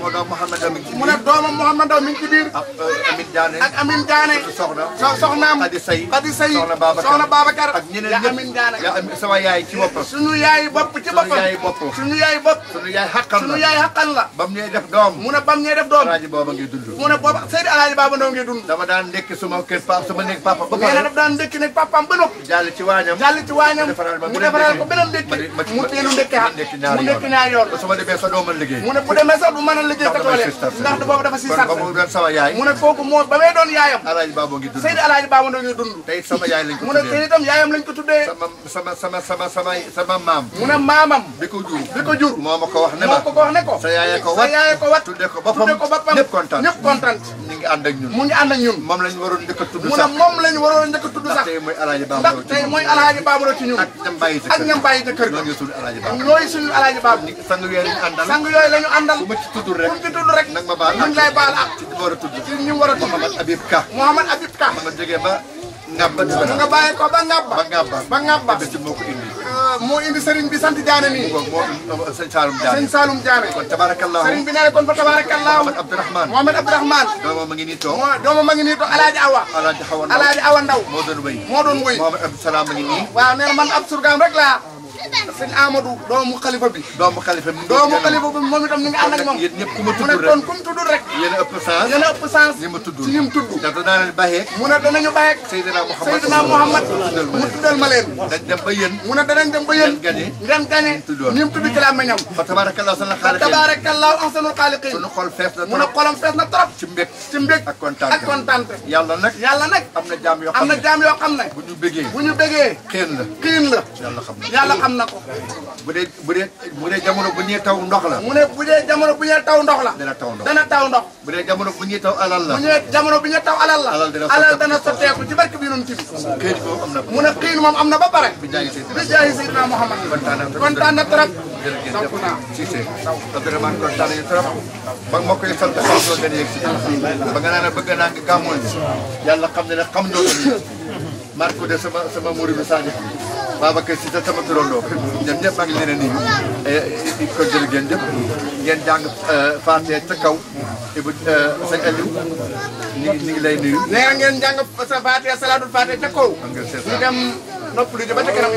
sama doom Mouhamed Amin mu ne doomam Mouhamed Amin ci biir ak ah, euh, Amin Diané ak Amin Diané soxna soxnaam Khady Seye Khady Seye soxna Babacar ak ñeneen ñëpp Amin Diané sama yaay ci boppam suñu yaay bopp ci boppam suñu yaay bopp suñu yaay bopp suñu yaay xaqan la suñu yaay xaqan la bam ñuy def doom mu ne bam ñuy def doom alaaji booba ngay dund mu ne booba Seydi alaaji baba ndaw ngay dund dama daan ndekki suma kër papa suma nekk papa ba pare daf daan ndekki nekk papaam ba noppi jàll ci waañam jàll ci waañam mu defaral ko beneen ndekki mu teelu ndekki mu ndekki ñaari yoon su ma demee sa doo mën liggéey mu ne bu demee sax du mën a liggéey kat wala ndax boobu dafa si sar sama yaay mu ne kooku moo ba may doon yaayam alaaji baabo ngi dund Seydi alaaji baabo ngi dund tey sama yaay lañ ko mu ne tey itam yaayam lañ ko tuddee sama sama sama sama sama maam mu ne maamam bi ko jur bi ko jur moo ma ko wax ne ma moo ko ko wax ne ko sa yaay ko wat sa yaay ko wat tudde ko boppam tudde ko boppam ñëpp kontaan ñëpp kontaan ñu ngi ànd ak ñun mu ngi ànd ak ñun moom lañ waroon njëkk a tudd sax mu ne moom lañ waroon njëkk a tudd sax tey mooy alaaji baabo ndax tey mooy alaaji baabo ci ñun ak ñam bàyyi ak ñam bàyyi kër ñooy suñu alaaji baabo sang yooyu lañu àndal sang yooyu lañu àndal ku ma ci tudd rek ku ci tudd rek. nag ma baal ak ñun lay baal ak. ci war a tudd ci ñu war a tudd. Mouhamad Habib Ka. Mouhamad Habib Ka. ma nga jógee ba. Ngabba di nga bàyyi ko ba Ngabba. ba Ngabba ba Ngabba. ci moo ko indi. Ah, moo indi sëriñ bi sant Diané mi. moo moo sëñ Saalum Diané. sëñ Saalum Diané. kon tabaarakallaahu sëriñ bi nee na kon fa tabaarakallaahu. Mouhamad Abdourahmane. Mouhamad Abdourahmane. doomam ma ngi nii toog. doomam ma ngi nii toog Alaaji Awa. Alaaji Awa Ndaw Alaaji Awa Ndaw. moo doon wëy moo doon wëy. Mouhamad Abdou Salaam ma ngi nii. waaw nee na man ab surgaam rek laa sëñ Amadou doomu xalifa bi. doomu xalifa bi doomu xalifa bi moom itam ni nga ànd ak moom. yéen ñëpp ku ma tudd rek mu ne kon ku mu tudd rek. yéen a ëpp sens yéen a ëpp sens. ni ma tudd ci ni mu tudd. ndax danaa leen bàyyeeg. mu ne danañu bàyyeeg. Seydina Mouhamad Seydina Mouhamad. mu tuddal ma leen dañ dem ba yéen. mu ne danañ dem ba yéen. ngeen gagné ngeen gagné. ni mu tudd ci laa ma ñam. fa tabaarakallaahu ahsanul xaaliqiin. fa tabaarakallaahu ahsanul xaaliqiin. sunu xol fees na trop mu ne xolam fees na trop. ci mbég ci mbég ak kontaan ak kontaan. yàlla nag yàlla nag. am na jaam yoo xam ne am na jaam yoo xam ne. bu ñu bégee bu ñu bégee. xiin la xiin la yàlla xam na la ko bu dé bu dé bu dé jamono bu ñé taw ndox la mu né bu dé jamono bu ñé taw ndox la dana taw ndox dana taw ndox bu dé jamono bu ñé taw alal la mu ñé jamono bu ñé taw alal la alal dana sorté ci barke bi ñun ci amna mu né xeyn mom amna ba bare bi jangi sey bi jangi sey na muhammad ban tan na ban tan na trap ci sey taw dara man ko tan yu trap ba mo koy sant ko do sama sama mouride sadi Babacar si ta sama turandoo ñoom ñëpp maa ngi leen a ko eh, eh, jël ngeen jëpp ngeen jàng eh, Faatiha ca kaw ibu sëñ Aliou ñu ngi ñu ngi lay nuyu nee na ngeen jàng sa Faatiha salaatul Faatiha ca kaw ñu dem nopp lu ji ba ca kanam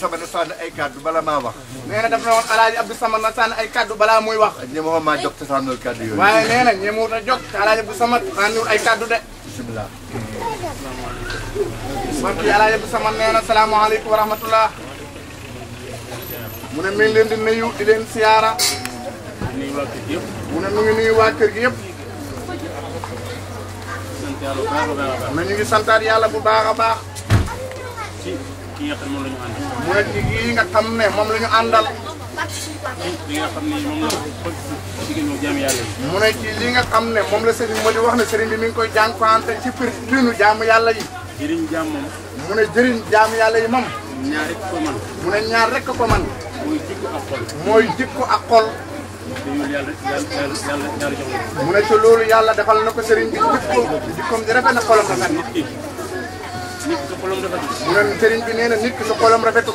Samane sànni ay kàddu bala maa wax. nee na daf na woon El Hadj Abdou Samane na sànni ay kàddu balaa muy wax. ñemewoon maa jog te sànniwul kàddu yooyu. waaye nee na ñemewut a jog te El Hadj Abdou Samane sànniwul ay kàddu de. bisimilah. man kii El Hadj Abdou Samane nee na salaamaaleykum wa rahmatullah. mu ne mi ngi leen di nuyu di leen siyaara. mu ne mu ngi nuyu waa kër gi yëpp. mais ñu ngi santaat yàlla bu baax a baax. ki nga xam ne moom la ñu nga xam ne moom la ñu àndal. li nga xam ne moom la bëgg mu ne li nga xam ne moom la sëriñ ma di wax ne sëriñ bi mi ngi koy jànkuwante ci biir yàlla yi. jaam mu ne jëriñ jaamu yàlla yi moom. ñaar rek man. mu ne ñaar rek ko man. mooy jikko ak xol. mooy a ak xol. mu ne yàlla defal na ko sëriñ bi jikko jikkoom di rafet na xolam rafet su xolam rafetul. mu ne sëriñ bi nee na nit ki su xolam rafetul.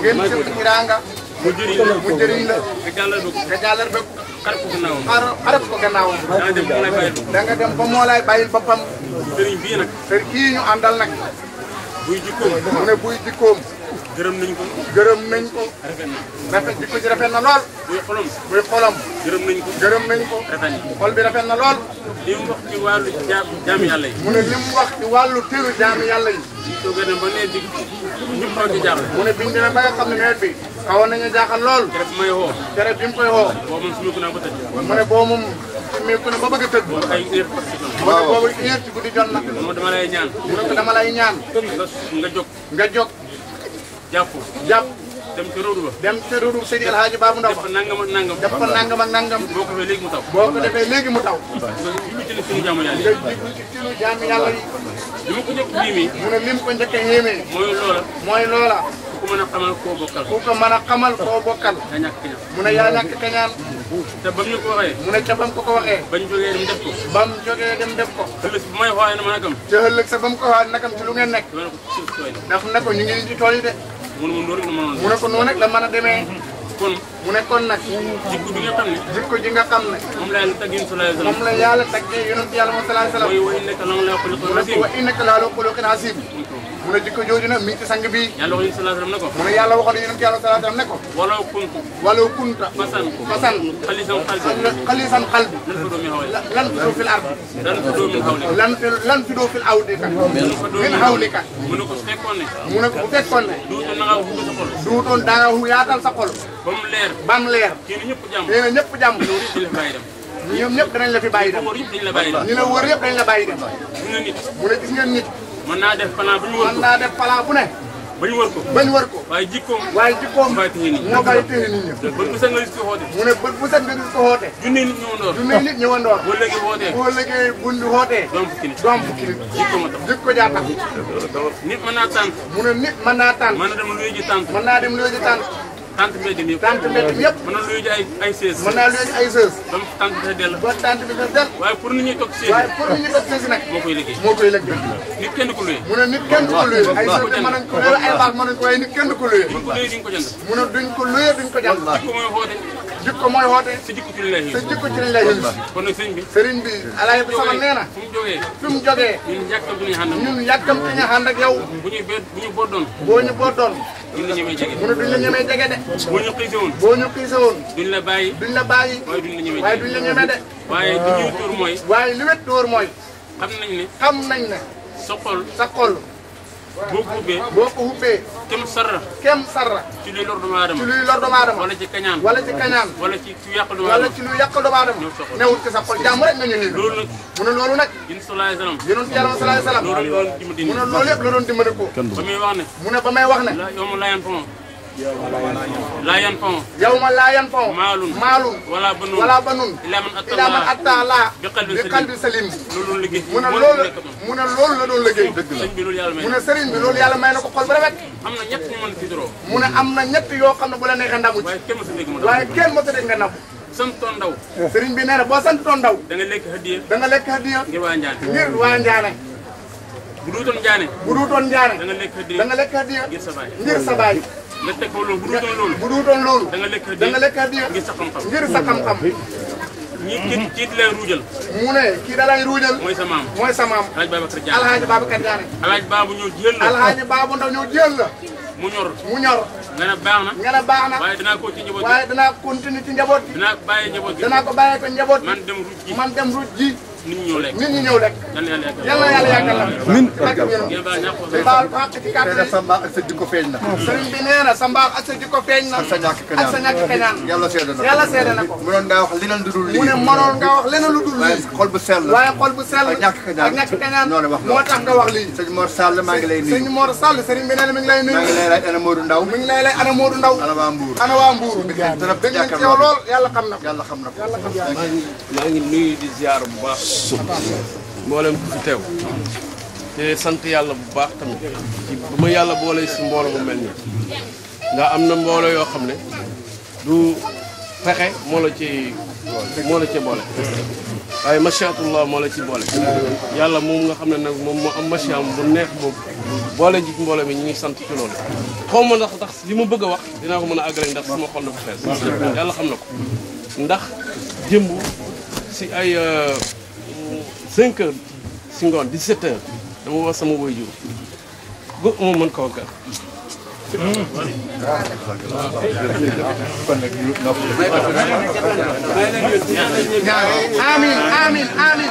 ngeen seq teraanga mu jëriñ la mu jëriñ la. nga jàllal bëgg. nga jàllal bëgg. xar ko ko gannaawam. da nga dem ba moo lay bàyyil boppam. bii nag. sëriñ kii ñu àndal nag. buy jikkoom mu ne buy jikkoom. gërëm nañ ko. gërëm nañ ko. rafet na na lool. muy xolam gërëm nañ ko gërëm nañ ko. rafet na na lool. li mu wax ci wàllu jaam jaamu yàlla yi. mu ne li mu wax ci wàllu teru jaamu yàlla yi. lii soo a ba nawet bi ñëpp xaw ci jaaxal. mu ne biñ demee ba nga xam ne lool. keroog bi may woo. keroog bi mu koy woo. boo moom suñu gën a ba tëj. mu ne boo moom. mais ba bëgg a tëdd. waaw ay heure ci guddi. waaw boobu heure ci guddi jot na. dama lay ñaan. mu ne ko dama lay ñaan. nga jóg nga jóg. jàpp jàpp dem ca rëru ba dem ca rëru sëñ El Hadji Babou Ndaw def nangam ak nangam def nangam ak nangam boo ko defee léegi mu taw boo ko defee léegi mu taw nga jublu ci suñu ma ko njëkk bii mu ne lim ko njëkk a yéemee mooy loola mooy loola ku ko mën a xamal koo bokkal ku ko mën a xamal koo bokkal yaa a kañaan mu kañaan te bam ko waxee mu ne ca ko ko waxee bañ jógee dem def ko bam jógee dem def ko ëllëg bu may xoolee na ma nakam te ëllëg sa bam ko xoolee nakam ci lu ngeen nekk daf na ko ñu mu ne ma noonu mu ne ko noonu la mën a demee. kon mu ne kon nag. jikko bi nga xam ne. jikko ji nga xam ne. moom la yàlla tàggee salaay salaam moom la yàlla tàggee yonent yàlla moom salaay salaam. wa innaka la ala xuluqin aziim. mu ne jikko jooju nag mi ngi ci sang bi yàlla waxoon sallallahu alayhi wa sallam ne ko mu ne yàlla waxoon yonent yàlla sallallahu alayhi wa sallam ne ko walaw kunta walaw kunta fasan fasan xalisan xalbi xalisan xalbi lan tudoo fil ardi lan tudoo min hawlika lan lan tudoo fil awdika min hawlika mu ne ko su fekkoon ne mu ne ko bu fekkoon ne duutoon da nga xub sa xol duutoon da nga xub yaatal sa xol ba mu leer ba mu leer kii na ñëpp jàmm nee na ñëpp jàmm ñoom ñëpp danañ la fi bàyyi dem ñu ne wër yëpp dañ la bàyyi dem mu ne gis ngeen nit mën naa def plan bu ñu wër ko mën naa def plan bu ne. ba ñu wër ko ba ñu wër ko. waaye jikkoom waaye jikkoom moo koy téye nit ñi. bët bu set nga gis ko xoote. mu ne bët bu set nga gis ko xoote. junni nit ñëwandoor junni nit ñëwandoor. boo léegi xootee boo léegi bundi xootee. doom fukki nit doom fukki nit. jikko ma tax jikko jaa tax. nit mën naa tànn. mu ne nit mën naa tànn. mën na dem luy ji tànn. mën naa dem luy ji tànn. tante mbedd mi yëpp tante mbedd mi yëpp. mën na luy ji ay waaye pour nit ñi toog sées. nag. moo koy liggéey moo koy liggéey. ku luy. mu ne nit ku luy. ay sées mën nañ ko luy ay baax mën nañ ko waaye nit ku luy. buñ ko luy duñ ko jënd. mu ne duñ duñ ko jënd. jikko mooy woote. si jikko ci lañ lay xëy. jikko ci lañ lay xëy. kon nag sëriñ bi. sëriñ bi alaay bi sama nee na. fu mu jógee fu mu jógee. ñun yàkkamti ñu ànd ak ñun yàkkamti ñu ànd ak yow. bu ñuy bee bu ñu boddoon. boo ñu boddoon. duñ la ñemee jege. mu ne duñ la ñemee jege de. boo ñu xiise woon. boo ñu xiise woon. duñ la bàyyi. duñ la bàyyi. waaye duñ la ñemee jege waaye duñ la ñemee de. waaye li ñuy tóor mooy. waaye li wet tóor mooy. xam nañ ne. xam nañ ne. sa xol sa xol boo ko boo ko ubbee. kem sarra. kem sarra. ci luy lor doomu aadama ci luy ci kañaan wala ci kañaan. wala ci ci yàq doomu aadama wala sa nii. loolu nag loolu nag. yéen salaay salaam. yéen salaay salaam. loolu yëpp la doon dimbali ko. mu ne loolu yëpp la doon dimbali ko. ba muy wax ne. a ba may wax laa yan fon yawma laa yan fon maalun maalun wala banun wala banun ilaa man attaa man attaa laa bi qalbin salim loolu liggéey mu ne loolu mu ne loolu la doon liggéey dëgg la mu ne sëriñ bi loolu yàlla may na ko xol ba rafet am na ñett ñu mën tiitaroo mu ne am na ñett yoo xam ne bu la neexee ndamu ci waaye kenn mësa dégg nga ndamu santoon ndaw sëriñ bi nee na boo santoon ndaw da nga lekk hadiya da nga lekk hadiya ngir waa Njaane ngir waa Njaane bu duutoon Njaane bu duutoon Njaane da nga lekk hadiya ngir sa baay ngir sa baay nga teg ko loolu bu dul loolu. bu da nga lekk da nga lekk adiya ngir sa xam-xam ngir sa xam-xam. ñi kii kii lay ruujal. mu ne kii da lay ruujal. mooy sa maam mooy sa maam. Alhaji Babacar Diarra Alhaji Babacar Diarra. Alhaji Babu ñëw jël la. Alhaji nga ne baax na nga ne baax na. waaye danaa ko ci njaboot waaye danaa continuer ci njaboot bi. danaa bàyyi njaboot bi ko bàyyi ko njaboot bi. man dem ruuj ji ji. nit ñi ñëw lekk nit ñi ñëw lekk. yàlla yàlla yàggal la. min baal baax ci kàddu yi sa mbaax ak sa jikko feeñ na. sëriñ bi nee na sa mbaax ak sa jikko feeñ na. ak sa ñàkk kañaan ak sa ñàkk kañaan. yàlla seede na yàlla seede na ko. mënoon ngaa wax leneen lu dul lii. mu ne mënoon ngaa wax leneen lu dul lii. waaye xol bu sell. waaye xol bu sell ak ñàkk kañaan ak ñàkk kañaan. noonu wax moo tax nga wax lii. sëñ Mor Sall maa ngi lay nuyu. sëñ Mor Sall sëriñ bi nee na mi ngi lay nuyu. maa ngi lay laaj ana Modou Ndaw. mi ngi lay laaj ana Modou Ndaw. ana waa Mbour. ana waa Mbour. dëgg nañ ci yow lool yàlla xam na ko. yàlla xam na ko. maa ngi nuyu di ziar bu baax mboolem ku fi teew te sant yàlla bu baax tamit ci ma yàlla boole si mbooloo mu mel nii nga am na mbooloo yoo xam ne du fexe moo la ci moo la ci boole waaye machiatullah moo la ci boole yàlla moom nga xam ne nag moom moo am machiam bu neex boobu boole ji mbooloo mi ñu ngi sant ci loolu xaw ma ndax tax li ma bëgg a wax dinaa ko mën a àggale ndax sama xol dafa fees yàlla xam na ko ndax jëmb si ay euh, 5 heures si ngoon 17 heures dama wax sama waajur ba Amen, amen, amen.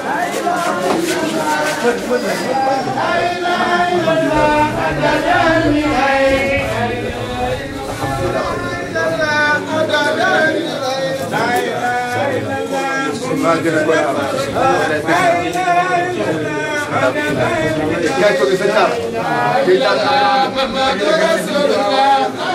yaa ngi toog sa caal